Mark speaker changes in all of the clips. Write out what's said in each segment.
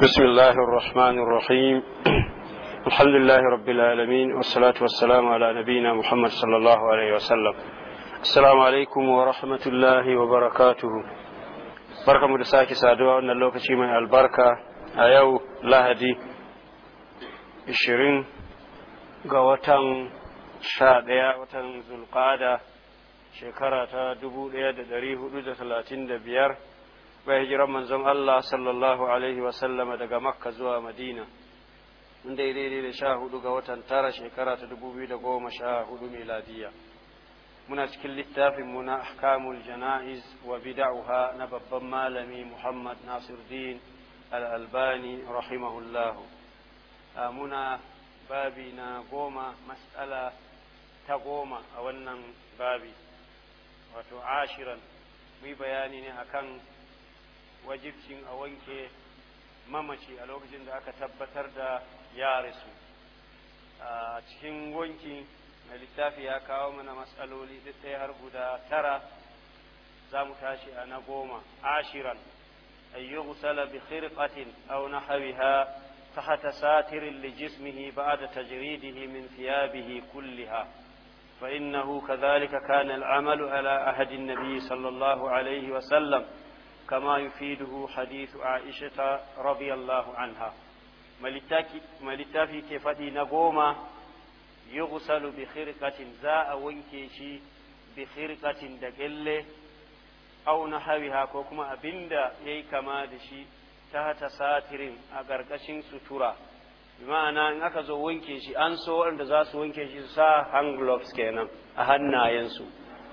Speaker 1: بسم الله الرحمن الرحيم الحمد لله رب العالمين والصلاة والسلام على نبينا محمد صلى الله عليه وسلم السلام عليكم ورحمة الله وبركاته بركة مدساك سادوا أن اللوكة شيمة البركة أيو لهدي الشرين قوتان شادية وتنزل قادة شكرة دبو ليد دريه لدى ثلاثين دبيار bai hijirar manzon Allah sallallahu alaihi wasallama daga makka zuwa madina in daidai da sha hudu ga watan tara shekara ta dubu biyu da goma sha hudu miladiya muna cikin littafin mu na ahkamul jana'iz wa bida'uha na babban malami muhammad nasiruddin al-albani rahimahullahu muna babi na goma mas'ala ta goma a wannan babi wato ashiran mu bayani ne akan wajibcin a wanke mamaci a lokacin da aka tabbatar da ya rasu a cikin wanki na littafi ya kawo mana matsaloli duk ɗaya har guda tara za mu tashi a na goma ashiran أن يغسل بخرقة أو نحوها تحت ساتر لجسمه بعد تجريده من ثيابه كلها فإنه كذلك كان العمل على أهد النبي صلى الله عليه وسلم كما يفيده حديث عائشة رضي الله عنها ملتافي كفتي نقوما يغسل بخرقة زاء ويكيشي بخرقة دقلة أو نحوها كوكما أبندا يي كما دشي تحت ساتر أغرقشن سترة bima'ana in aka zo wanke shi an so waɗanda za su wanke shi sa hand gloves kenan a hannayensu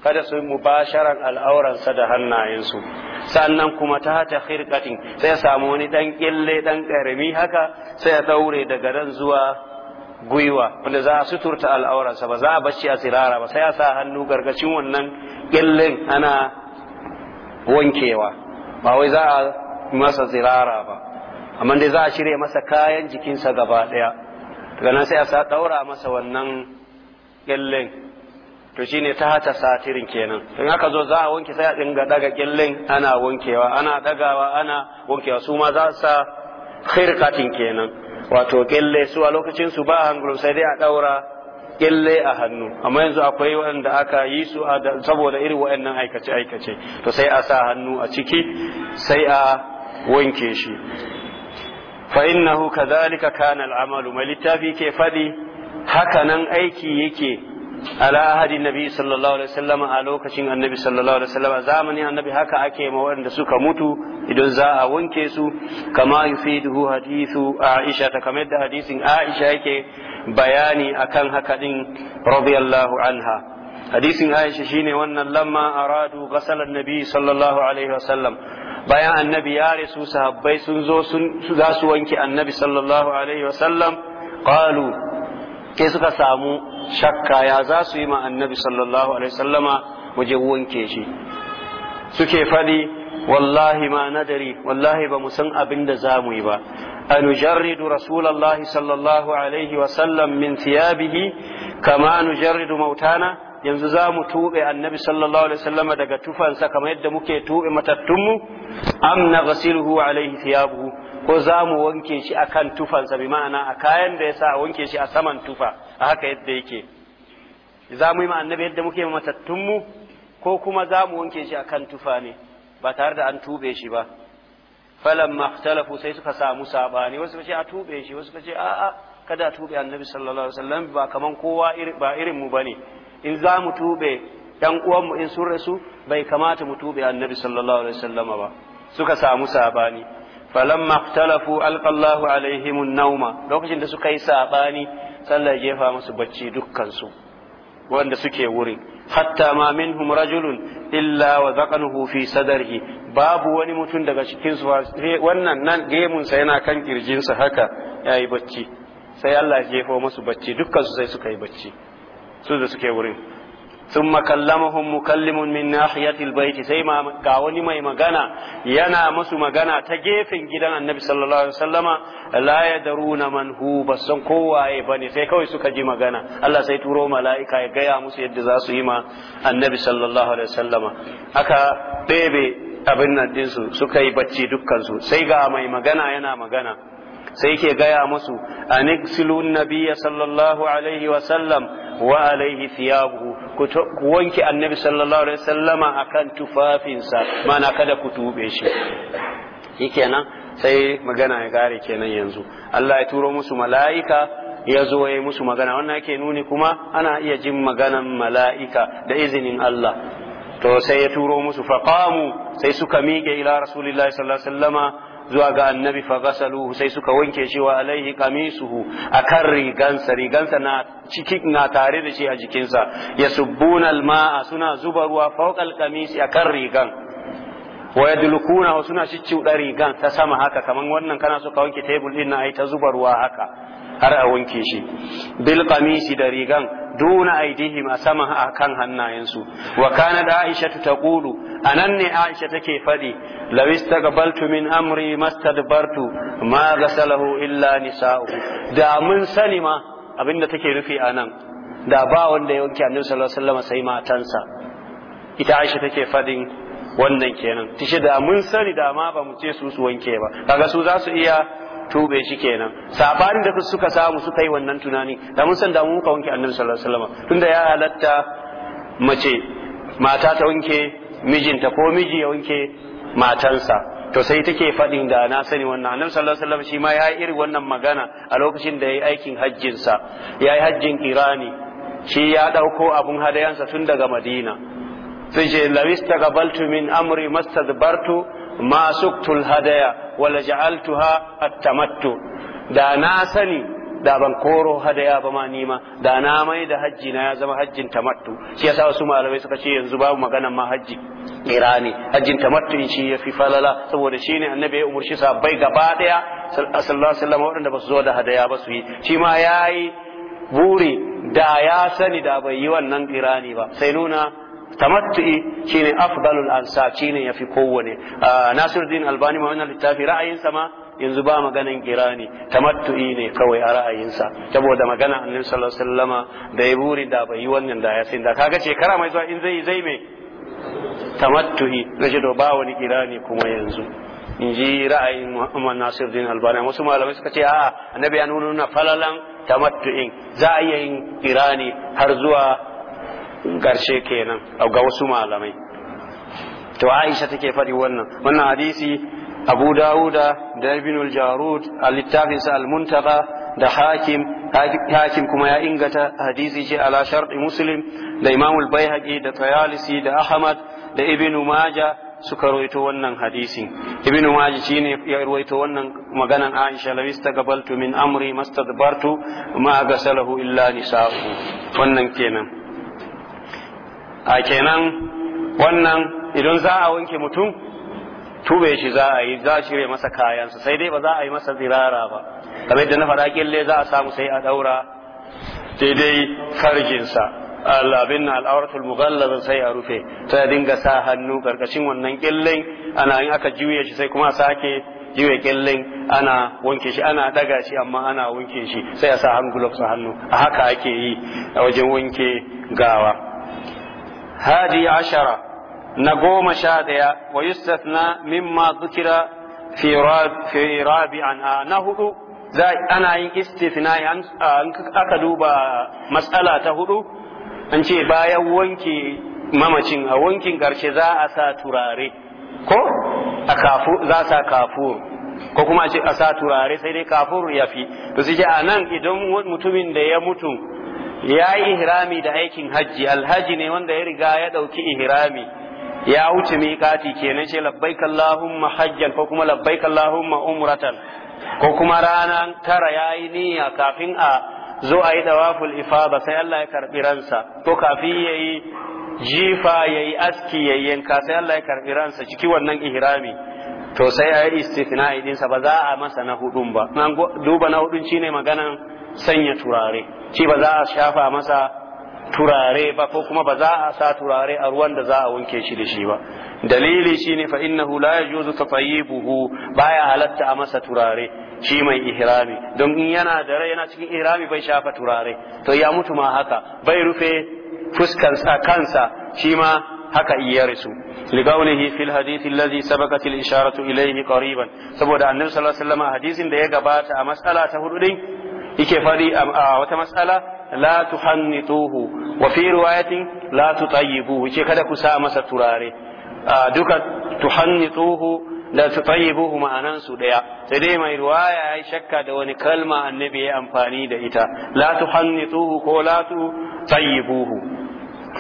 Speaker 1: kada su yi mubasharan al'auransa da hannayensu sannan kuma ta hata khirqatin sai samu wani dan kille dan karami haka sai ya daure daga nan zuwa gwiwa wanda za a suturta al'auransa ba za a bashi a ba sai ya sa hannu gargacin wannan killen ana
Speaker 2: wankewa
Speaker 1: ba wai za a masa zirara ba amma dai za a shirya masa kayan jikinsa gaba ɗaya daga nan sai a sa ɗaura masa wannan kyallen to shine ta hata satirin kenan in aka zo za a wanke sai a dinga daga kyallin ana wankewa ana dagawa ana wankewa su ma za sa khirqatin kenan wato kyalle su a lokacin su ba hangulum sai dai a daura kyalle a hannu amma yanzu akwai wanda aka yi su saboda irin waɗannan aikace aikace to sai a sa hannu a ciki sai a wanke shi fa innahu kadhalika kana al-amalu mai littafi ke fadi haka nan aiki yake ala ahadin nabi sallallahu alaihi wasallam a lokacin annabi sallallahu alaihi wasallam a zamanin annabi haka ake ma waɗanda suka mutu idan za a wanke su kama yufiduhu hadithu aisha ta kamar da hadisin aisha yake bayani akan haka din radiyallahu anha hadisin aisha shine wannan lamma aradu ghasala Nabi sallallahu alaihi wasallam bayan annabi ya rasu sahabbai sun zo sun za su wanke annabi sallallahu alaihi wasallam qalu ke suka samu shakka ya za su yi ma annabi sallallahu alaihi sallama waje wanke shi suke faɗi wallahi ma nadari wallahi ba mu san abin da za mu yi ba أنجرد رسول الله صلى الله عليه وسلم من ثيابه
Speaker 2: كما نجرد
Speaker 1: mautana. yanzu za mu tuɓe annabi sallallahu alaihi wasallam daga tufansa kamar yadda muke tuɓe matattunmu am na ghasiluhu alaihi thiyabuhu ko za mu wanke shi akan tufansa bi ma'ana a kayan da yasa a wanke shi a saman tufa a haka yadda yake za mu yi ma annabi yadda muke matattunmu ko kuma za mu wanke shi akan tufa ne ba tare da an tuɓe shi ba falan mahtalafu sai suka samu sabani wasu ce a tuɓe shi wasu ka ce a'a kada a tuɓe annabi sallallahu alaihi wasallam ba kaman kowa ba irin mu bane in za mu tube ɗan uwanmu in sun rasu bai kamata mu tube annabi sallallahu alaihi wasallama ba suka samu sabani falan ikhtalafu alqallahu alaihim nauma lokacin da suka yi sabani sallah jefa musu bacci dukkansu. wanda suke wurin hatta ma minhum rajulun illa wa zaqanuhu fi sadrihi babu wani mutum daga cikin su wannan nan gemun sa yana kan kirjin sa haka yayi bacci sai Allah ya jefo musu bacci dukkan su sai suka yi bacci su da suke wurin sun makallamahun mukallimun min nahiyatil baiti sai ga wani mai magana yana musu magana ta gefen gidan annabi sallallahu alaihi wasallama la yadruna man hu basan kowaye bane sai kawai suka ji magana Allah sai turo mala'ika ya gaya musu yadda za su yi ma annabi sallallahu alaihi wasallama aka bebe abin nan dinsu suka yi bacci dukkan su sai ga mai magana yana magana sai ke gaya musu aniksilun nabiyya sallallahu alaihi wasallam wa alaihi thiyabuhu ku wanke annabi sallallahu alaihi wasallama akan tufafinsa mana kada ku tube shi shikenan sai magana ya gare kenan yanzu Allah ya turo musu mala'ika ya zo ya musu magana wannan yake nuni kuma ana iya jin maganan mala'ika da izinin Allah to sai ya turo musu faqamu sai suka miƙe ila rasulillahi sallallahu alaihi wasallama zuwa ga annabi fa sai suka wanke shi wa alaihi qamisuhu akan rigansa rigansa na ciki na tare da shi a jikinsa yasubbuna alma'a suna zuba ruwa fawqal qamisi akan rigan
Speaker 2: wa yadlukuna
Speaker 1: suna cicciuda rigan ta sama haka kaman wannan kana so ka wanke table din na ai ta zuba ruwa haka har a wanke shi bil qamisi da rigan duna aidihim a saman akan hannayensu wa kana da ta taqulu anan ne Aisha take faɗi. law istaqbaltu min amri mastadbartu ma ghasalahu illa nisa'u da mun sani ma abinda take rufi anan da ba wanda ya wanke annabi sallallahu alaihi wasallam sai matansa ita Aisha take fadin wannan kenan tace da mun sani da ma ba mu ce su su wanke ba kaga su za su iya tube shi kenan sabanin da suka samu suka yi wannan tunani da mun san da mun ka wanke annabi sallallahu alaihi wasallam tunda ya halatta mace mata ta wanke mijinta ko miji ya wanke matansa to sai take fadin da na sani wannan annabi sallallahu alaihi wasallam shi ma ya irin wannan magana a lokacin da ya yi aikin hajjinsa ya yi hajjin irani shi ya dauko abun hadayansa tun daga madina sai ce lawista Gabaltu min amri mastadbartu ma suktul hadaya wala ja'altuha attamattu da na sani da ban koro hadaya ba ma nima da na mai da hajji na ya zama hajjin tamattu shi yasa wasu malamai suka ce yanzu babu maganan ma hajji irani hajjin tamattu shi fi falala saboda shine annabi ya umurci sabbai gaba daya sallallahu alaihi wasallam waɗanda ba su zo da hadaya ba su yi shi ma yayi buri da ya sani da bai yi wannan irani ba sai nuna tamattu'i shine afdalul ansa shine yafi kowane ah, Nasiruddin Albani ma wannan littafi ra'ayinsa ma yanzu ba maganan kirani tamattu'i ne kawai a ra'ayinsa saboda magana annabi sallallahu alaihi wasallama da ya buri da bai yi wannan da ya sai da kaga shekara mai zuwa in zai zai me tamattu'i zai ba wani kirani kuma yanzu in ji ra'ayin Muhammad Nasiruddin Albani wasu malamai suka ce a'a annabi ya nuna falalan tamattu'in za a iya yin kirani har zuwa ƙarshe kenan ga wasu malamai to aisha take faɗi wannan wannan hadisi abu dawuda da ibn jarud a littafinsa al-muntaba da hakim hakim kuma ya ingata hadisi ce ala sharɗi muslim da imam al-baihaqi da tayalisi da ahmad da ibn maja suka roito wannan hadisi ibn maji shine ya roito wannan maganan aisha la istaqbaltu min amri mastadbartu ma gasalahu illa nisa'u wannan kenan a kenan wannan idan za a wanke mutum tube shi za a yi za a masa kayansa sai dai ba za a yi masa zirara ba kamar yadda na faɗa kille za a samu sai a ɗaura daidai farjinsa al'abin na al'auratul mughallazin sai a rufe ta dinga sa hannu karkashin wannan killin ana yin aka juye shi sai kuma a sake juye killin ana wanke shi ana daga shi amma ana wanke shi sai a sa hannu gloves a hannu a haka ake yi a wajen wanke gawa hadi ashara
Speaker 2: na goma sha
Speaker 1: ɗaya wa yustafna mimma zukira fi rabi'an na hudu ana yin istifna aka duba matsala ta huɗu. an ce bayan wanke mamacin a wankin karshe za a sa turare ko kuma a ce a sa turare sai dai kafur ya fi to sai a nan idan mutumin da ya mutu ya yi ihrami da aikin hajji alhaji ne wanda ya riga ya ɗauki ihrami ya wuce miƙati kenan ce labbaik Allahumma hajjan ko kuma labbaik Allahumma umratan ko kuma ranar tara ya yi niyya kafin a zo a yi dawaful ifada sai Allah ya karɓi ransa ko kafin ya yi jifa ya yi aski ya yanka sai Allah ya karɓi ransa ciki wannan ihrami to sai a yi istifina idinsa ba za a masa na hudun ba duba na hudun shine maganan sanya turare Ci ba za a shafa masa turare ba ko kuma ba za a sa turare a ruwan da za a wanke shi da shi ba dalili ne fa innahu la yajuzu buhu baya halatta a masa turare shi mai ihrami don in yana da rai yana cikin ihrami bai shafa turare to ya mutu ma haka bai rufe fuskansa kansa shi ma haka iya rasu liqaulihi fil hadith alladhi sabaqat al isharatu ilayhi qariban saboda annabi sallallahu alaihi wasallam hadisin da ya gabata a mas'ala ta hudu yake faɗi a wata matsala la tuhannituhu wa fi riwayatin la tutayyibuhu yake kada ku sa masa turare duka tuhannituhu
Speaker 2: da tutayyibuhu
Speaker 1: ma'anan su daya sai dai mai riwaya yayi shakka da wani kalma annabi ya amfani da ita la tuhannituhu ko la tutayyibuhu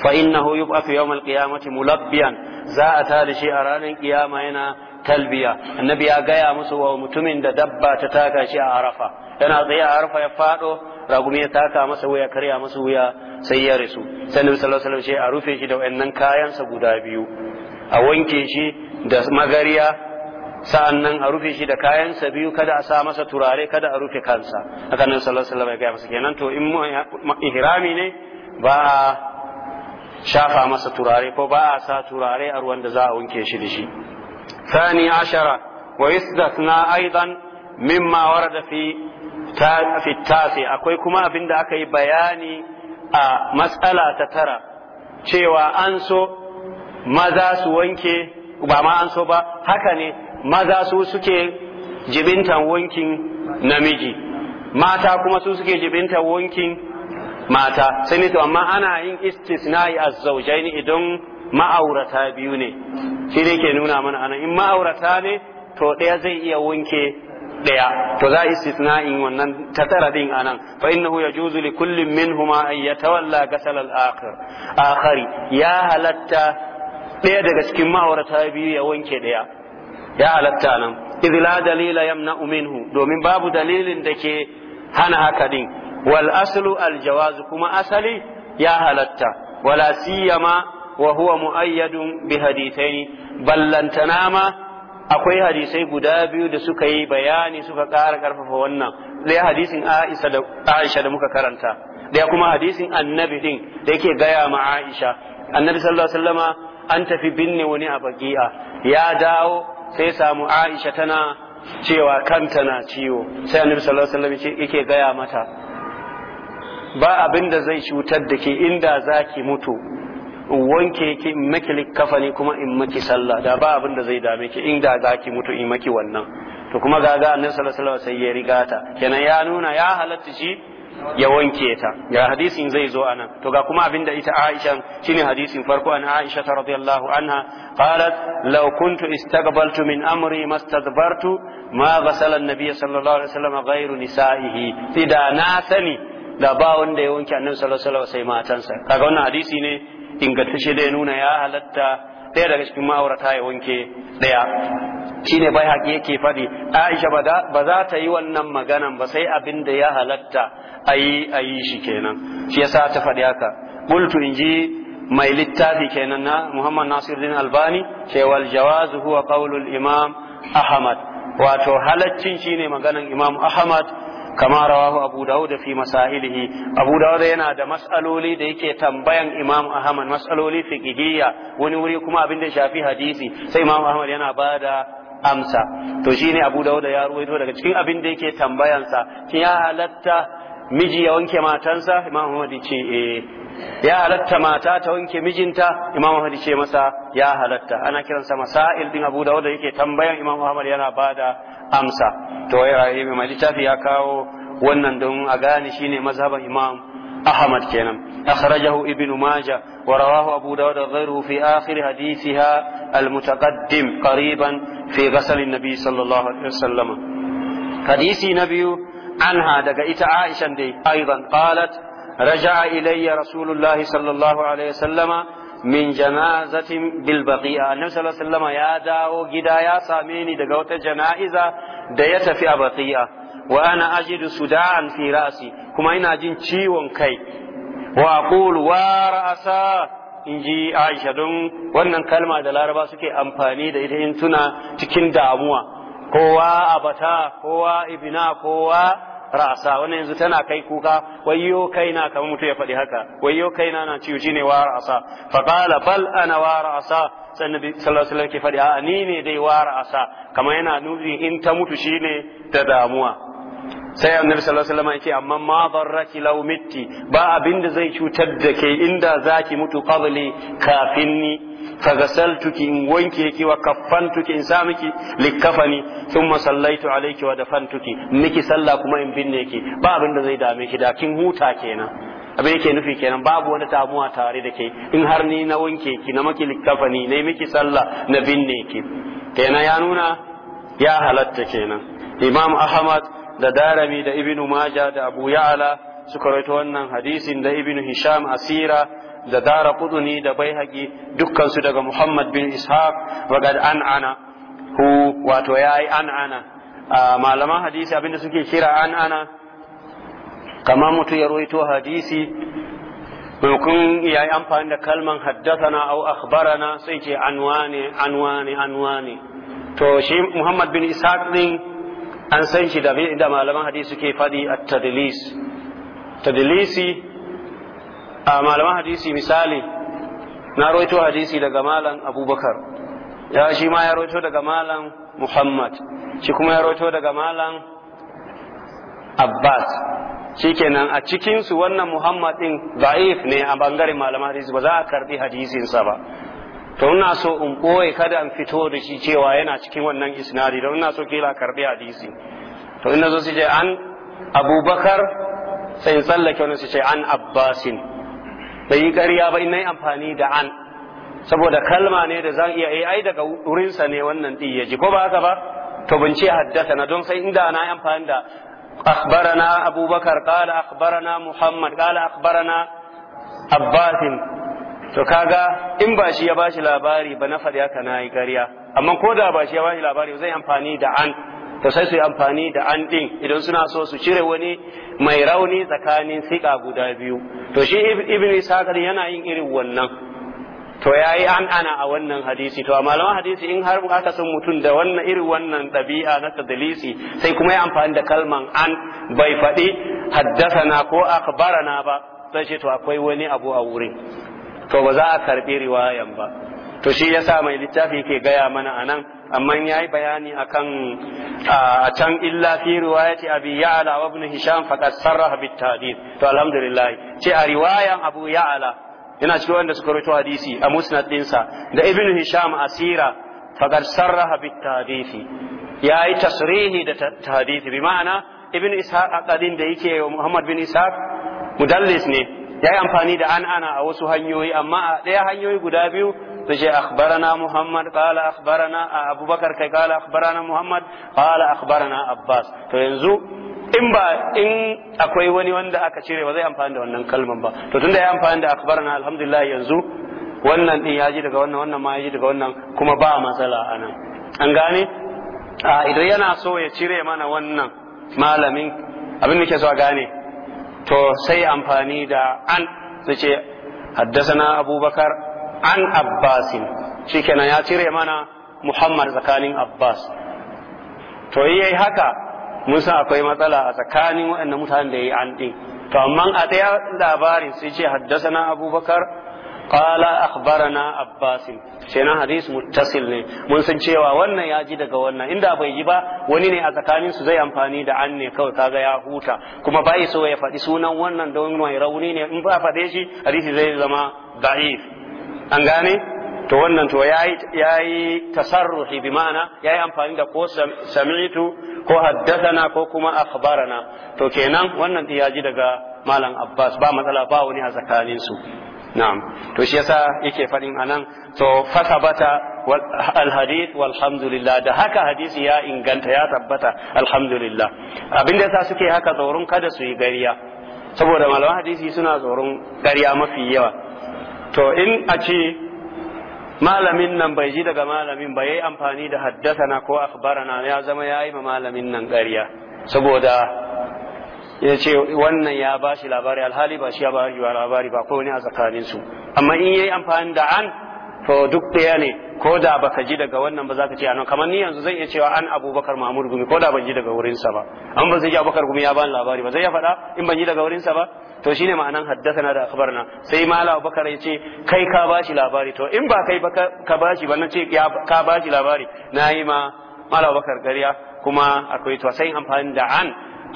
Speaker 1: fa innahu yub'athu yawm al-qiyamati mulabbiyan za a tada shi a ranar kiyama yana talbiya annabi ya gaya musu wa mutumin da dabba ta taka shi a arafa yana tsaye a arafa ya fado ragumi ya taka masa wuya karya masa wuya sai ya rasu sannan sallallahu alaihi wasallam a rufe shi da kayan kayansa guda biyu a wanke shi da magariya sa'annan a rufe shi da kayansa biyu kada a sa masa turare kada a rufe kansa haka nan sallallahu alaihi wasallam ya gaya masa kenan to in ihrami ne ba a shafa masa turare ko ba a sa turare a ruwan da za a wanke shi da shi ثاني عشر ويستثنى أيضا مما akwai kuma في التاسع أكوي كما أبند أكي بياني مسألة تترى cewa an so
Speaker 2: maza su
Speaker 1: wanke ba ma an so ba haka ne maza su suke jibintan wankin namiji mata kuma su suke jibintan wankin mata sai ne to amma ana yin istisna'i az-zawjaini idan ma'aurata biyu ne shi ne ke nuna mana anan in ma'aurata ne to ɗaya zai iya wanke ɗaya to za a istisna in wannan ta tara din anan fa innahu yajuzu li kullin minhuma an yatawalla gasal al akhir akhari ya halatta ɗaya daga cikin ma'aurata biyu ya wanke ɗaya ya halatta nan idh la dalila yamna'u minhu domin babu dalilin da ke hana haka din wal aslu aljawazu kuma asali ya halatta wala siyama wa huwa mu'ayyadun bi hadithaini akwai hadisai guda biyu da suka yi bayani suka ƙara ƙarfafa wannan ɗaya hadisin Aisha da Aisha da muka karanta ɗaya kuma hadisin Annabi din da yake gaya ma Aisha Annabi sallallahu alaihi wasallama an tafi binne wani a baki'a ya dawo sai samu Aisha tana cewa kanta na ciwo sai Annabi sallallahu alaihi wasallam yake gaya mata ba abinda zai cutar da ke inda zaki mutu wanke ki in maki kafani kuma in maki sallah da ba abin da zai dame ki in da za ki mutu in maki wannan to kuma ga ga annabi sallallahu alaihi wasallam sai ya riga ta kenan ya nuna ya halatta shi ya wanke ta ga hadisin zai zo anan to ga kuma abinda ita Aisha shine hadisin farko an Aisha ta radiyallahu anha qalat law kuntu istaqbaltu min amri mastadbartu ma ghasala an-nabiy sallallahu alaihi wasallam ghayru nisa'ihi sai da na sani da ba wanda ya wanke annabi sallallahu alaihi wasallam sai matansa kaga wannan hadisi ne ingantacce da ya nuna ya halatta ɗaya daga cikin ma'aurata ya wanke ɗaya shine bai haƙi yake faɗi aisha ba za ta yi wannan maganan ba sai abin da ya halatta a yi a yi shi kenan shi yasa ta faɗi haka qultu inji mai littafi kenan na Muhammad Nasiruddin Albani cewa jawazu huwa qaulul Imam Ahmad wato halaccin shine maganan Imam Ahmad kama rawahu abu dawud fi masailihi abu dawud yana da mas'aloli da yake tambayan imam ahmad mas'aloli fiqhiyya wani wuri kuma abin da shafi hadisi sai imam ahmad yana bada amsa to shine abu dawud ya ruwaito daga cikin abin da yake tambayansa kin ya halatta miji ya wanke matansa imam ahmad ce eh ya halatta mata ta wanke mijinta imam ahmad ce masa ya halatta ana kiransa masail din abu dawud yake tambayan imam ahmad yana bada amsa to mai littafi ya kawo wannan don a gane shine mazhaban imam أحمد كينم أخرجه ابن ماجة ورواه أبو داود غيره في آخر حديثها المتقدم قريبا في غسل النبي صلى الله عليه وسلم حديث نبي عنها دقائت عائشة دي أيضا قالت رجع إلي رسول الله صلى الله عليه وسلم min janazatin bil baqiya annabi sallallahu alaihi wasallam ya dawo gida ya same ni daga wata jana'iza da ya tafi a baqiya wa ana ajidu sudan fi ra'si kuma ina jin ciwon kai wa aqulu wa ra'sa inji Aisha don wannan kalma da Laraba suke amfani da ita in tuna cikin damuwa kowa abata kowa ibina kowa ra'asa wannan yanzu tana kai kuka wayyo kaina kamar mutum ya faɗi haka wayyo kaina na ciwo shine wa ra'asa fa qala bal ana wa ra'asa sai nabi sallallahu alaihi wasallam ke faɗi a ni ne dai wa ra'asa kamar yana nuni in ta mutu shine ta damuwa sai annabi sallallahu alaihi wasallam yake amma ma darraki law mitti ba abinda zai cutar da ke inda zaki mutu qabli kafin ni fagasaltuki in wanke ki wa tuki in sa miki likkafani thumma sallaitu alayki wa dafantuki miki sallah kuma in binne ki ba abin da zai dame ki da kin huta kenan abin yake nufi kenan babu wani damuwa tare da ke in har ni na wanke ki na maki likkafani na miki sallah na binne ki kenan ya nuna ya halatta kenan imam ahmad da darami da ibnu maja da abu ya'ala suka rawaito wannan hadisin da ibnu hisham asira da dara kuduni da bai baihaqi dukkansu daga muhammad bin ishaq wa gad an'ana hu wato yayi ana. malaman hadisi abinda suke kira an'ana kama mutu ya rawaito hadisi maimakon ya yi amfani da kalman haddathana au akhbarana sai ce anwani anwani anwani. to shi muhammad bin ishaq din an san shi da malaman hadisi suke faɗi a tadlis a malaman hadisi misali na roito hadisi daga malam abubakar ya shi ma ya roito daga malam muhammad shi kuma ya roito daga malam abbas shikenan a cikinsu wannan muhammad din da'if ne a bangaren malaman hadisi ba za a karbi hadisinsa ba to ina so in koye kada an fito da shi cewa yana cikin wannan isnadi don ina so kila karbi hadisi to ina zo su ce an abubakar sai in tsallake wani su ce an abbasin bai yi ƙarya ba in yi amfani da an saboda kalma ne da zan iya yi eh, ai daga wurinsa ne wannan ɗin ya ji ko ba haka ba to bince haddasa na don sai inda na amfani da akhbarana abubakar بكر قال muhammad محمد قال أخبرنا to kaga in ba shi ya bashi labari ba na faɗi haka na yi ƙarya amma ko da ba shi ya bashi labari zai amfani da an to sai su yi amfani da an din idan suna so su cire wani mai rauni tsakanin siƙa guda biyu to shi ibn isakar yana yin irin wannan to ya yi an ana a wannan hadisi to a malaman hadisi in har aka san mutum da wannan irin wannan ɗabi'a na tadlisi sai kuma ya amfani da kalman an bai faɗi na ko na ba sai ce to akwai wani abu a wurin to ba za a karɓi riwayan ba to shi yasa mai littafi ke gaya mana anan amma ya yi bayani kan a can illa fi riwayati abi ya'la wa ibn hisham faqad sarraha bit ta'dil to alhamdulillah ce a riwayan abu ya'ala yana cikin wanda suka rawaito hadisi a musnad dinsa da ibn hisham asira faqad sarraha bit ya yayi tasrihi da ta'dil bi ma'ana ibn ishaq qadin da yake muhammad bin ishaq mudallis ne yayi amfani da an ana a wasu hanyoyi amma a ɗaya hanyoyi guda biyu تجي أخبرنا محمد قال أخبرنا أبو بكر كي قال أخبرنا محمد قال أخبرنا أباس فينزو in ba in akwai wani wanda aka cire ba zai amfani da wannan kalman ba to tunda ya amfani da akhbarana alhamdulillah yanzu wannan din ya ji daga wannan wannan ma ya ji daga wannan kuma ba matsala anan an gane a idan yana so ya cire mana wannan malamin abin da ke so a gane to sai amfani da an su haddasa na abubakar an abbasin shikenan ya cire mana muhammad tsakanin abbas to yi haka mun akwai matsala a tsakanin waɗanda mutanen da ya yi an ɗin to amma a ɗaya labarin sai ce haddasa na abubakar
Speaker 2: qala akhbarana
Speaker 1: abbas kenan hadis mutasil ne mun san cewa wannan ya ji daga wannan inda bai ji ba wani ne a tsakanin su zai amfani da an ne kawai kaga ya huta kuma bai so ya faɗi sunan wannan don mai rauni ne in ba faɗe shi hadisi zai zama da'if an gane to wannan to yayi tasarruhi bi ma'ana yayi amfani da ko sami'tu ko haddathana ko kuma akhbarana to kenan wannan ya ji daga malam Abbas ba matsala ba wani a tsakanin su na'am to shi yasa yake fadin anan to fasabata al hadith walhamdulillah da haka hadisi ya inganta ya tabbata alhamdulillah abinda yasa suke haka tsoron kada su yi gariya saboda malaman hadisi suna tsoron gariya mafi yawa to in a ce malamin nan bai ji daga malamin ba ya yi amfani da haddasa na ko na, ya zama ya yi ma malamin nan ƙarya saboda ya ce wannan ya ba shi labari alhali ba shi ya ba shi labari ba ko ne a tsakaninsu amma in yi amfani da an to duk ɗaya ne ko da baka ji daga wannan ba za ka ce anan kamar ni yanzu zan iya cewa an abubakar mamur gumi ko da ban ji daga wurinsa ba an ba zai ji abubakar gumi ya bani labari ba zai ya faɗa in ban ji daga wurinsa ba to shine ma'anan na da na sai mala abubakar ya ce kai ka bashi labari to in ba kai ba ka bashi ba na ce ka bashi labari na yi ma mala abubakar gariya kuma akwai to sai amfani da an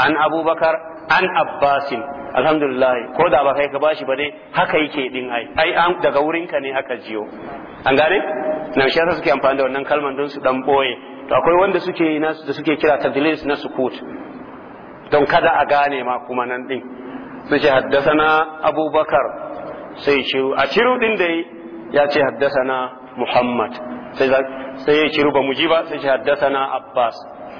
Speaker 1: an abubakar an abbasin alhamdulillah ko da ba kai ka bashi ba dai haka yake din ai ai daga wurinka ne aka jiyo an gane na shi yasa suke amfani da wannan kalman don su dan boye to akwai wanda suke nasu da suke kira tadlis na sukut don kada a gane ma kuma nan din su ce haddasana abubakar sai ce a ciru din dai ya ce haddasana muhammad sai ya ciru ba mu ji ba sai ce haddasana abbas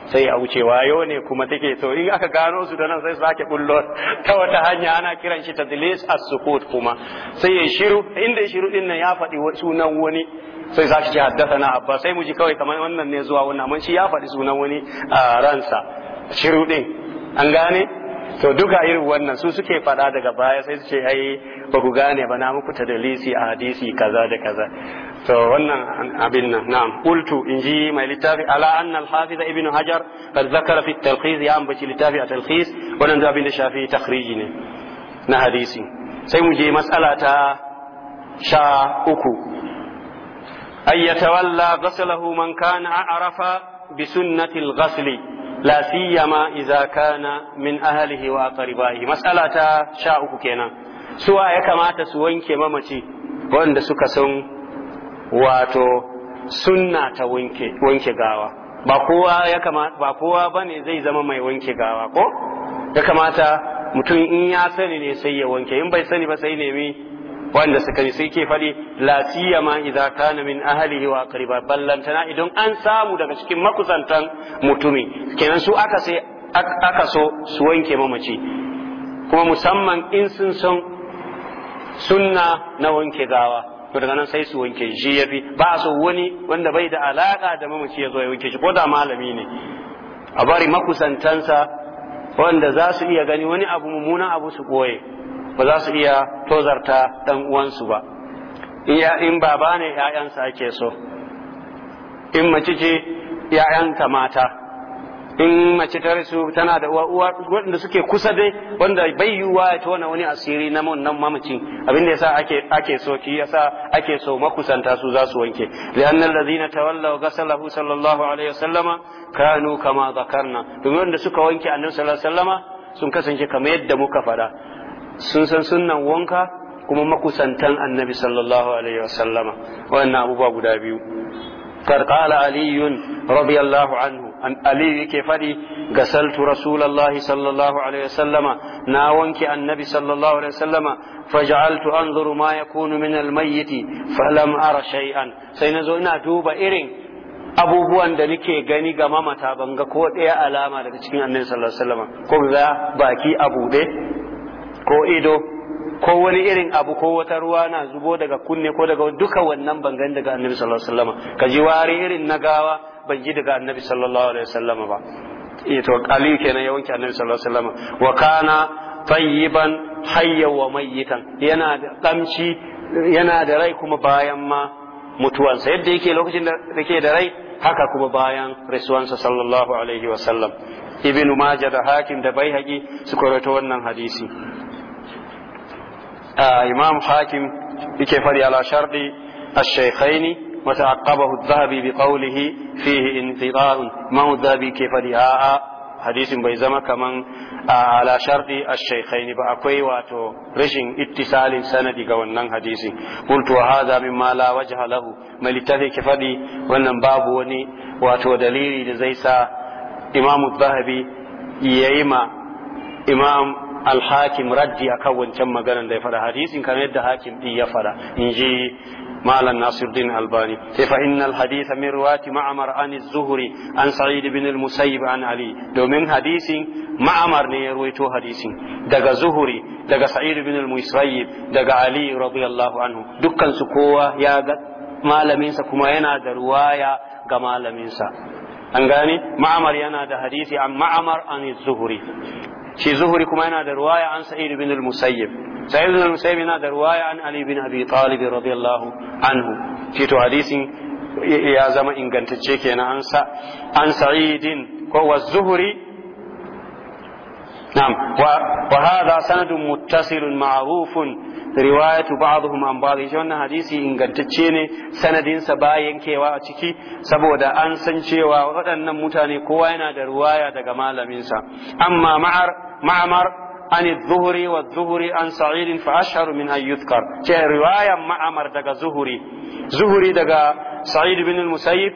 Speaker 1: sai a wuce wayo ne kuma take so in aka gano su da nan sai sake bullo ta wata hanya ana kiran shi tadlis as-sukut kuma sai ya shiru inda ya shiru din nan ya faɗi sunan wani sai zaki ji haddasa na abba sai mu ji kawai kamar wannan ne zuwa wannan amma shi ya faɗi sunan wani a ransa shiru din an gane to duka irin wannan su suke fada daga baya sai su ce ai ba ku gane ba na muku tadalisi a hadisi kaza da kaza to wannan abin nan na'am qultu in ji mai littafi ala anna al-hafiz ibn hajar qad zakara fi at-talkhis ya ambaci littafi a talkhis wannan da abin da shafi takhriji ne na hadisi sai mu je matsala ta sha uku ay yatawalla ghasalahu man kana a'rafa bi sunnati al-ghasli la siyama idza kana min ahlihi wa aqribaihi Matsala ta sha uku kenan suwa ya kamata su wanke mamaci wanda suka san wato sunna ta wanke wanke gawa ba kowa ya kamata ba kowa bane zai zama mai wanke gawa ko ya kamata mutum in ya sani ne sai ya wanke in bai sani ba sai nemi wanda suka sai ke faɗi la siyama idza kana min ahlihi wa aqriba ballantana idan an samu daga cikin makusantan mutumi kenan su aka sai aka so su wanke mamaci kuma musamman in sun san sunna na wanke gawa to daga nan sai su wanke shi yafi ba so wani wanda bai da alaka da mamaci ya zo ya wanke shi ko da malami ne a bari makusantansa wanda za su iya gani wani abu mummunan abu su koye ba za su iya tozarta dan uwansu ba iya in baba ne ƴaƴansa ake so in mace ce ƴaƴanta mata in mace ta rasu tana da uwa wanda suke kusa dai wanda bai yiwuwa ya tona wani asiri na nan mamacin da yasa ake ake so ki yasa ake so makusanta su za su wanke annal ladina tawallaw ghasalahu sallallahu alaihi wasallama kanu kama zakarna domin wanda suka wanke annabi sallallahu alaihi wasallama sun kasance kamar yadda muka faɗa sun san sunnan wanka kuma makusantan annabi sallallahu alaihi wasallama wannan abubuwa guda biyu فقال علي رضي الله عنه علي كفدي غسلت رسول الله صلى الله عليه وسلم ناونك النبي صلى الله عليه وسلم فجعلت أنظر ما يكون من الميت فلم أرى شيئا دوب إرين abubuwan da nake gani ga mamata banga ko ɗaya alama daga cikin annabi sallallahu alaihi ko ga baki abu ko ido ko wani irin abu ko wata ruwa na zubo daga kunne ko daga duka wannan ban gani daga annabi sallallahu alaihi wasallam ka ji wari irin na gawa ban ji daga annabi sallallahu alaihi wasallam ba eh, to aliyu kenan ya wanke annabi sallallahu alaihi wasallam wa kana tayyiban hayya wa mayyitan yana da kamci yana da rai kuma bayan ma mutuwansa yadda yake lokacin da yake da rai haka kuma bayan rasuwansa sallallahu alaihi wasallam ibnu majah da hakim da baihaqi su rawaito wannan hadisi imam hakim yake fari ala sharɗi الشيخين وتعقبه الذهبي بقوله فيه انتظار ما هو الذهبي كيف دعاء حديث بيزما كمان على شرط الشيخين بأكوي واتو رجن اتصال سند قوانا حديث قلت وهذا مما لا وجه له ما لتذي كفدي وانا باب وني واتو دليلي لزيسا إمام الذهبي ييما إمام alhakim raddi a kan wancan maganar da ya fada hadisin kamar yadda hakim din ya fada in ji malam nasiruddin albani sai fa inna min ruwati ma'amar an az an sa'id ibn al an ali domin hadisin ma'amar ne ya ruwaito hadisin daga zuhuri daga sa'id ibn al daga ali radiyallahu anhu dukkan kowa ya ga malaminsa kuma yana da ruwaya ga malaminsa an ma'amar yana da hadisi an ma'amar an az shi zuhuri kuma yana da ruwaya an sa'id ibn al-musayyib sa'id ibn al-musayyib yana da ruwaya an ali ibn abi talib radiyallahu anhu shi to hadisin ya zama ingantacce kenan an sa an sa'idin ko wa zuhuri نعم وهذا سند متصل معروف رواية بعضهم عن بعض جون حديثي إن قد تجيني سند سباين كيوا أتكي سبودا أنسن شيوا وغدن متاني كوينا درواية دقمال منسا أما معر معمر عن الظهري والظهري عن سعيد فأشهر من أن يذكر شيء رواية معمر دقا زهري زهري دقا سعيد بن المسيب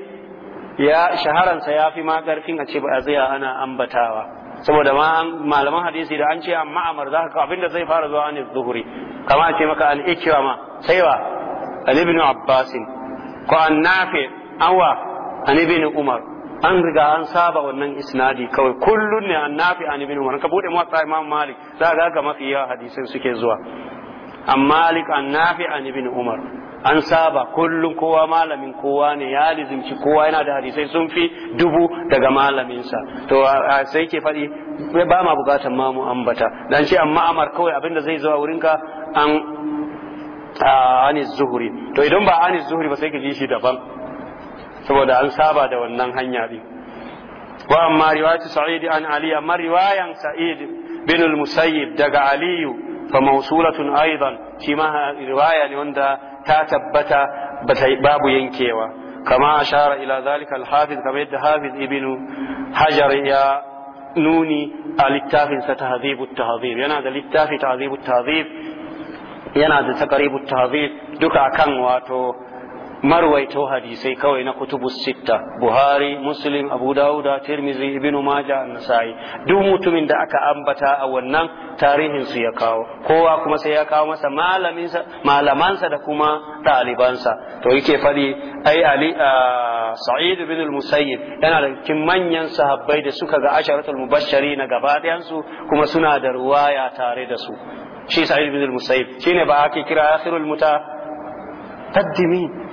Speaker 1: يا شهرا سيافي ما قرفين أتشب أزيا أنا أنبتاوا saboda malaman hadisi da an ce an ma'amar za ka abinda zai fara zuwa ne zuhuri kama ce maka an ikira ma sai wa an ibn Abbasin, ko an nafe an wa an umar an riga an saba wannan isnadi kawai kullum ne an nafe an umar ka bude mawasa imam malik za ga ga mafi yawa hadisin suke zuwa an malik an nafe an umar an saba kullum kowa malamin kowa ne ya lizimci kowa yana da hadisai sun fi dubu daga malaminsa to sai ke faɗi ba ma bukatan ma mu ambata dan ce amma amar kawai abinda zai zo a wurinka an anis zuhuri to idan ba anis zuhuri ba sai ka ji shi daban saboda an saba da wannan hanya din wa amma riwayatu sa'id an ali amma riwayan sa'id bin al-musayyib daga aliyu fa mawsulatun aidan shi ma riwaya ne wanda ta tabbata babu yankewa kama ashara ila zalika al-hafiz kamar yadda hafiz ibnu hajar ya nuni a littafin sa tahzibu tahzib yana da littafi tahzibu tahzib yana da taqribu tahzib duka akan wato
Speaker 2: marwaito
Speaker 1: hadisai kawai na kutubu sitta buhari muslim abu da'uda tirmizi ibn maja nasai duk mutumin da aka ambata a wannan tarihin su ya kawo kowa kuma sai ya kawo masa malaminsa malamansa da kuma ɗalibansa to yake faɗi ai ali sa'id ibn al-musayyib yana da cikin manyan sahabbai da suka ga asharatul mubashshari na gaba su kuma suna da ruwaya tare da su shi sa'id ibn al-musayyib shine ba ake kira akhirul muta taddimin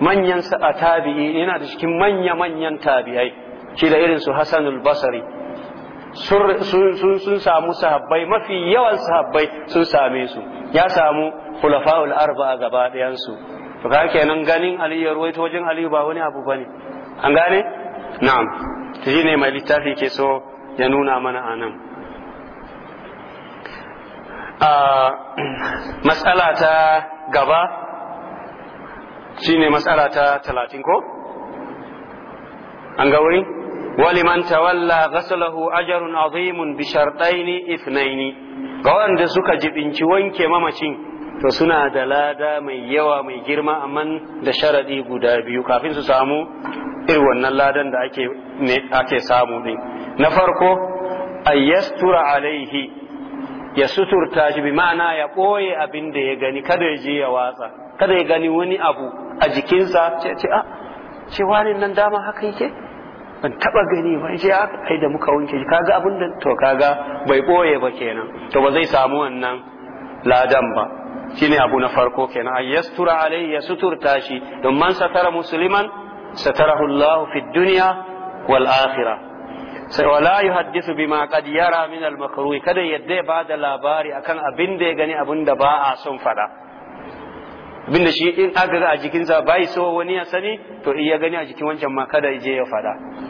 Speaker 1: manyan sa'a a tabi'i yana da cikin manya manyan tabi'ai shi da irin su Hassanul Basri sun samu sahabbai mafi yawan sahabbai sun same su ya samu khulafa'ul arba'a gaba ɗayan to ka kenan ganin Ali ya ruwaito wajen Ali ba wani abu bane an gane na'am to shine mai littafi ke so ya nuna mana anan a ah, matsala ta gaba sine matsala ta talatin ko an ga wuri waliman tawalla ghasalahu ajarun azimun bi shartaini ifnaini ga waɗanda suka jibinci wanke mamacin to suna da lada mai yawa mai girma amma da sharadi guda biyu kafin su samu irin wannan ladan da ake samu din na farko ayyastura alaihi ya suturta shi bi ma'ana ya ɓoye abin da ya gani kada ya je ya watsa kada ya gani wani abu a jikinsa ce ce a ce wani nan dama haka yake ban taba gani ba ce kai ah, da muka wanke shi ga abin da to ka ga, bai boye ba kenan to ba zai samu wannan ladan ba shine abu na farko kenan ay yastura ya suturta shi don man satara musliman satarahu Allah fi dunya wal akhirah sai wala yuhaddisu bima qad yara min al makruh kada yadda ba da labari akan abin da ya gani abin da ba a son fada abinda shi in aka ga a jikinsa bai so wani ya sani to in ya gani a jikin wancan ma kada ya je ya faɗa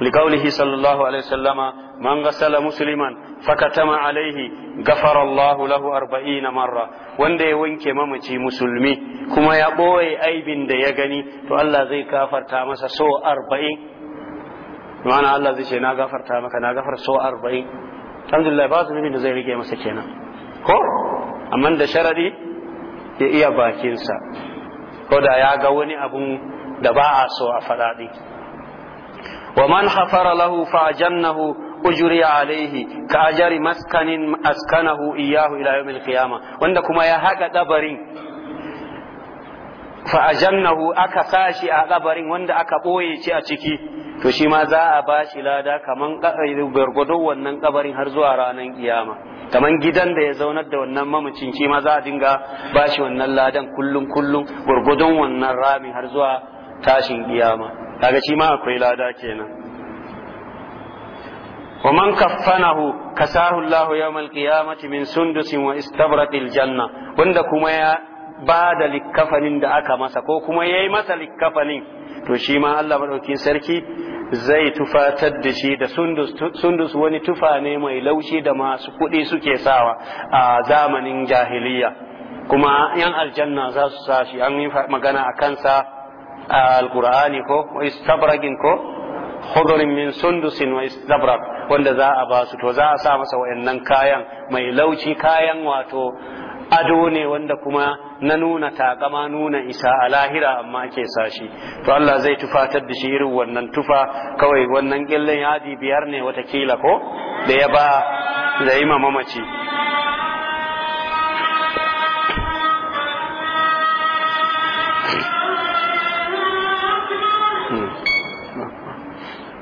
Speaker 1: لقوله صلى الله عليه man من غسل مسلما فكتم عليه غفر الله له أربعين مرة wanda ya wanke mamaci musulmi kuma ya ɓoye aibin da ya gani to Allah zai kafarta masa so arba'in ma'ana Allah zai ce na gafarta maka na gafar so arba'in alhamdulillah ba su da zai rike masa kenan ko amma da sharadi ya iya bakinsa ko da ya ga wani abun da ba a so a faɗaɗi wa man hafara lahu fa jannahu ujuri alaihi ka ajari maskanin askanahu iyahu ila yawmil qiyama wanda kuma ya haka dabarin fa ajannahu aka sashi a dabarin wanda aka boye ci a ciki to shi ma za a ba shi lada kaman gargwado wannan kabarin har zuwa ranar kiyama kaman gidan da ya zaunar da wannan mamacin shi ma za a dinga ba shi wannan ladan kullum kullum gargwadon wannan ramin har zuwa tashin kiyama kaga shi ma akwai lada kenan ومن كفنه كساه الله يوم القيامة من سندس واستبرق الجنة وندكما ba da likkafanin da aka masa ko kuma ya yi masa likkafanin to shi ma Allah maɗaukin sarki zai tufatar da shi da sundus wani tufa ne mai laushi da masu kuɗi suke sawa a zamanin jahiliya kuma yan aljanna za su sa an yi magana a kansa a alkur'ani ko istabragin ko hudurin min sundusin wa istabrak wanda za a ba su to za a sa masa wayannan kayan mai lauci kayan wato ado ne wanda kuma na nuna takama nuna isa a lahira amma ake sashi to Allah zai tufatar da shi irin wannan tufa kawai wannan kyallen yadi biyar ne watakila ko da ya ba da yi mamaci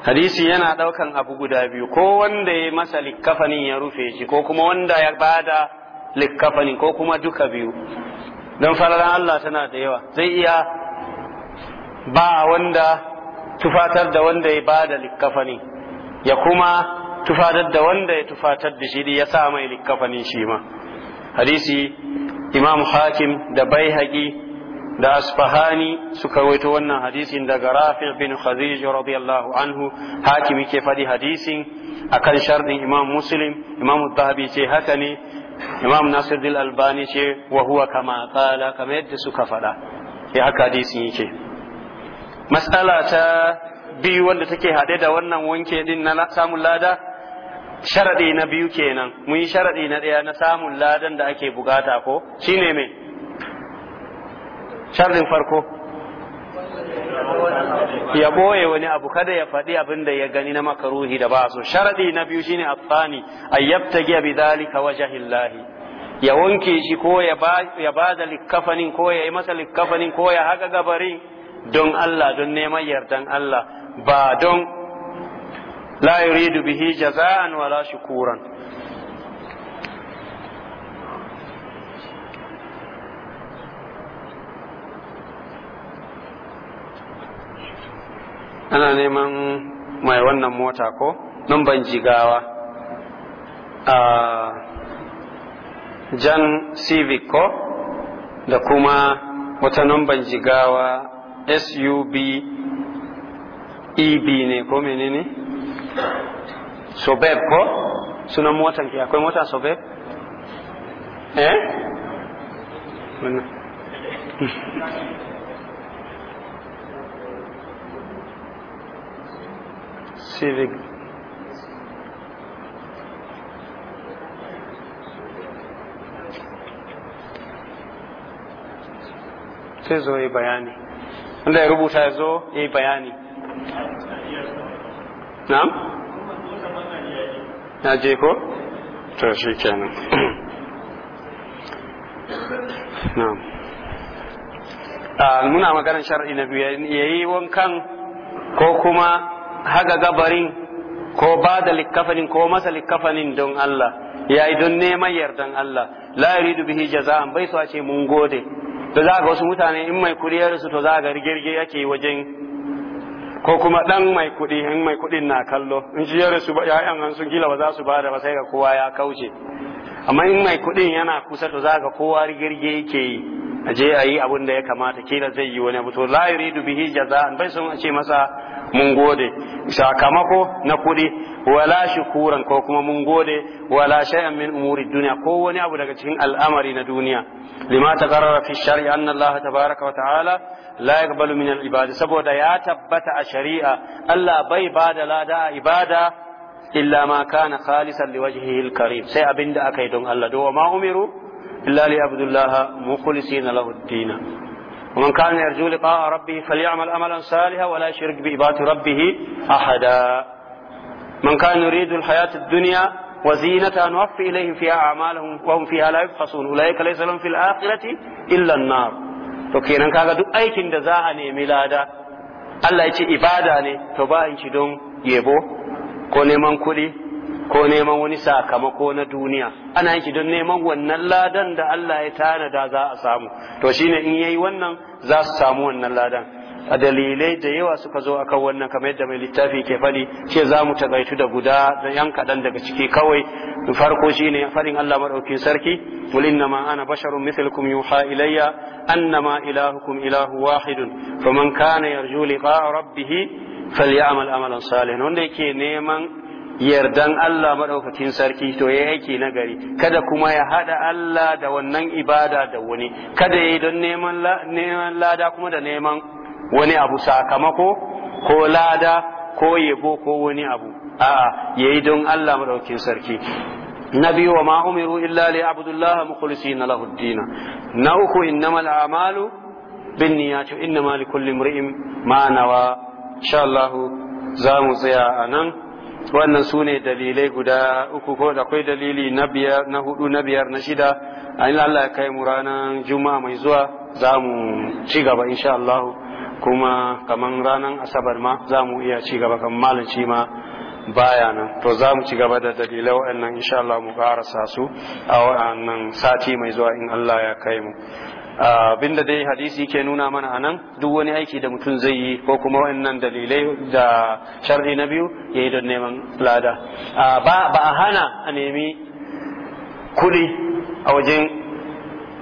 Speaker 1: hadisi yana daukan abu guda biyu ko wanda ya masa likkafanin ya rufe shi ko kuma wanda ya bada likkafanin ko kuma duka biyu
Speaker 2: don falalan
Speaker 1: Allah tana da yawa zai iya ba wanda tufatar da wanda ya bada likkafani ya kuma tufatar da wanda ya tufatar da shi ya sa mai likkafani shi ma hadisi imam hakim da baihaqi da asfahani suka waito wannan hadisin daga rafi' bin khadij radiyallahu anhu hakimi ke fadi hadisin akan sharɗin imam muslim imam zahabi ce haka ne imam nasir dil albani ce wa huwa kama kala kama yadda suka faɗa ya haka hadisin yake matsala ta biyu wanda take haɗe da wannan wanke din na samun lada sharaɗi na biyu kenan mun yi sharaɗi na ɗaya na samun ladan da ake bukata ko shine mai sharaɗin farko ya boye wani abu kada ya faɗi abin da ya gani na makaruhi da ba su sharadi na biyu shine afani ayyabtagi bi zalika wajhillahi ya wanke shi ko ya ba da likkafanin ko ya yi masa likkafanin ko ya haka gabarin don Allah don neman yardan Allah ba don la yuridu bihi jaza'an wala shukuran ana neman mai wannan mota ko nan ban jigawa a jan civic ko da kuma wata nan ban jigawa sub eb ne ko menene sobeb ko sunan motan ke akwai mota sobeb eh civic sai zo yi bayani wanda ya rubuta ya zo ya yi bayani na? ya je ko? to shi kenan na muna maganin shar'i na biyu ya yi wankan ko kuma haga gabarin ko ba da likkafanin ko masa likkafanin don Allah ya yi don neman yardan Allah la ridu bihi jaza'an bai so a ce mun gode to za ga wasu mutane in mai kuɗi ya rasu to za ga rigirge yake wajen ko kuma dan mai kuɗi in mai kuɗin na kallo in ji ya rasu ya'yan an sun gila ba za su bada ba sai ga kowa ya kauce amma in mai kuɗin yana kusa to za ga kowa rigirge yake yi a je a yi abin da ya kamata kila zai yi wani abu to la yuridu bihi jaza'an bai son a ce masa mun gode sakamako na kuɗi wala shukuran ko kuma mun gode wala shay'an min umuri duniya ko wani abu daga cikin al'amari na duniya lima taqarrara fi shar'i anna Allah tabaaraka wa ta'ala la yaqbalu min al saboda ya tabbata a shari'a Allah bai bada lada a ibada illa ma kana khalisan liwajhihi al-karim sai abinda akai don Allah do ma umiru illa li abdullah mukhlisina lahu ad ومن كان يرجو لقاء ربه فليعمل أملا صالحا ولا يشرك بإبادة ربه أحدا من كان يريد الحياة الدنيا وزينة نوفي إليهم فيها أعمالهم وهم فيها لا يبخسون أولئك ليس لهم في الآخرة إلا النار to kenan kaga duk aikin da za a nemi lada Allah ya ce ibada ne to ba shi don yebo ko neman kuɗi ko neman wani sakamako na duniya ana yin don neman wannan ladan da Allah ya tanada za a samu to shine in yayi wannan za su samu wannan ladan a dalilai da yawa suka zo akan wannan kamar yadda mai littafi ke fadi ce za mu tagaitu da guda da yan kaɗan daga ciki kawai farko shine farin Allah maɗaukin sarki qul innama ana basharun mithlukum yuha ilayya annama ilahukum ilahu wahidun faman kana rabbihi liqa rabbih falyamal amalan salihan wanda yake neman yardan Allah maɗaukakin sarki to ya aiki na gari kada kuma ya haɗa Allah da wannan ibada da wani kada ya yi don neman lada kuma da neman wani abu sakamako ko lada ko yabo ko wani abu a'a ya yi don Allah maɗaukakin sarki na biyu wa ma'umiru illa li abdullahi mukhlisina lahu Lahuddina na uku innamal a'malu bin niyyati innama likulli imri'in ma nawa insha Allah za mu tsaya a nan wannan su ne dalilai guda uku ko da akwai dalili na biyar na hudu na biyar na shida a yi Allah ya kai mu ranar juma'a mai zuwa za mu ci gaba insha Allah kuma kamar ranar asabar ma za mu iya ci gaba kan malaci ma baya nan to za mu ci gaba da dalilai waɗannan insha Allah mu ƙarasa su a wannan sati mai zuwa in Allah ya kai mu Ah, abinda dai hadisi ke nuna mana anan duk wani aiki da mutum zai yi ko kuma wannan dalilai da sharhi na biyu ya yi don neman lada ah, ba a hana a nemi kuɗi a wajen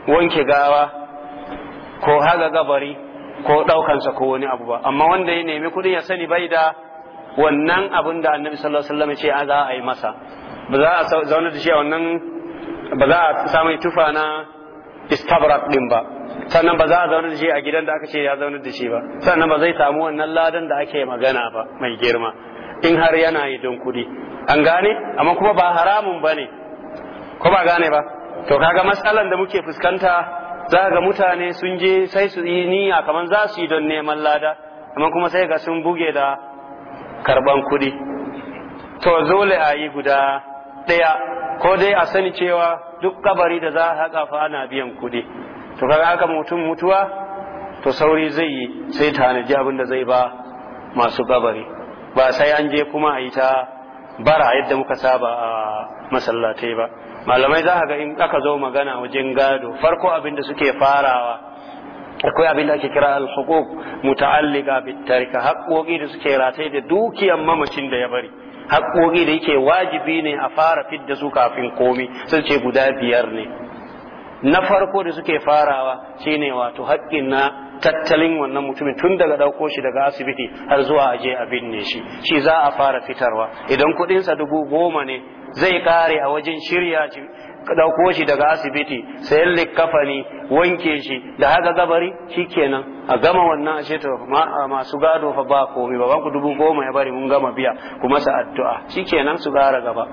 Speaker 1: wanke gawa ko haga gabari ko ɗaukansa ko wani abu ba amma wanda ya nemi kuɗi ya sani bai da wannan abin da annabi sallallahu alaihi wasallam ya ce a za a yi masa ba za a zauna da shi a wannan ba za a samu tufa na istabrak din ba sannan ba za a zaune da shi a gidan da aka ce ya zaunar da shi ba sannan ba zai samu wannan ladan da ake magana ba mai girma
Speaker 2: in har yana
Speaker 1: yi don kuɗi an gane amma kuma ba haramun ba ne ko ba gane ba to kaga matsalan da muke fuskanta za ga mutane sun je sai su yi niyya kamar za su yi don neman lada amma kuma sai ga sun buge da karban kuɗi to dole a yi guda ɗaya ko dai a sani cewa duk kabari da za a haka fa ana biyan kuɗi to kaga aka mutum mutuwa to sauri zai yi sai tanaji abin da zai ba masu kabari ba sai an je kuma a yi ta bara yadda muka saba a masallatai ba malamai za a ga in aka zo magana wajen gado farko abin da suke farawa akwai abin da ake kira al-huquq muta'alliqa bit tarika haƙoƙi da suke rataye da dukiyar mamacin da ya bari hakkoki da yake wajibi ne a fara fidda su kafin komi sun ce guda biyar ne na farko da suke farawa shine wato haƙƙin na tattalin wannan mutumin tun daga ɗauko shi daga asibiti har zuwa aje a binne shi shi za a fara fitarwa idan kuɗinsa dubu goma ne zai kare a wajen shirya ɗauko shi daga asibiti sai sayan kafani wanke shi da haka gabari shikenan a gama wannan ashe to masu gado fa ba komai ba ku dubu goma ya bari mun gama biya kuma sa addu'a shikenan su gara gaba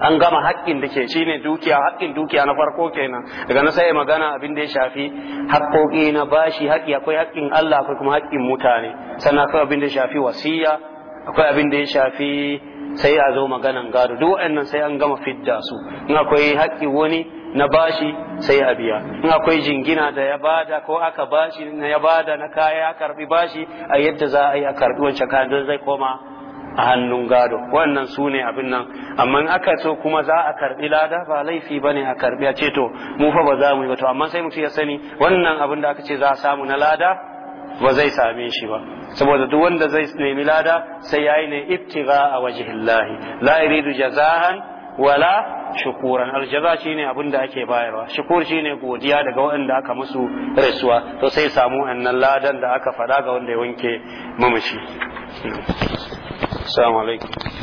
Speaker 1: an gama haƙƙin da ke shine dukiya haƙƙin dukiya na farko kenan daga na sai magana abin da ya shafi haƙƙoƙi na bashi haƙƙi akwai haƙƙin Allah akwai kuma haƙƙin mutane sannan akwai abin da ya shafi wasiya akwai abin da ya shafi sai a zo maganan gado duk waɗannan sai an gama fidda su in akwai haƙƙi wani na bashi sai a biya in akwai jingina da ya bada ko aka bashi na ya bada na kaya ya karbi bashi a yadda za a yi a karbi wancan kayan don zai koma a hannun gado wannan su ne abin nan amma in aka so kuma za a karbi lada ba laifi ba ne a karbi a ce to mu fa ba za mu yi ba to amma sai mutum ya sani wannan abin da aka ce za a samu na lada ba zai same shi ba saboda duk wanda zai nemi lada sai yayi ne ibtiga a wajhillahi la yuridu jazahan wala shukuran aljaza shine abin da ake bayarwa shukur shine godiya daga waɗanda aka musu rasuwa to sai samu annan ladan da aka faɗa ga wanda ya wanke mamashi assalamu alaikum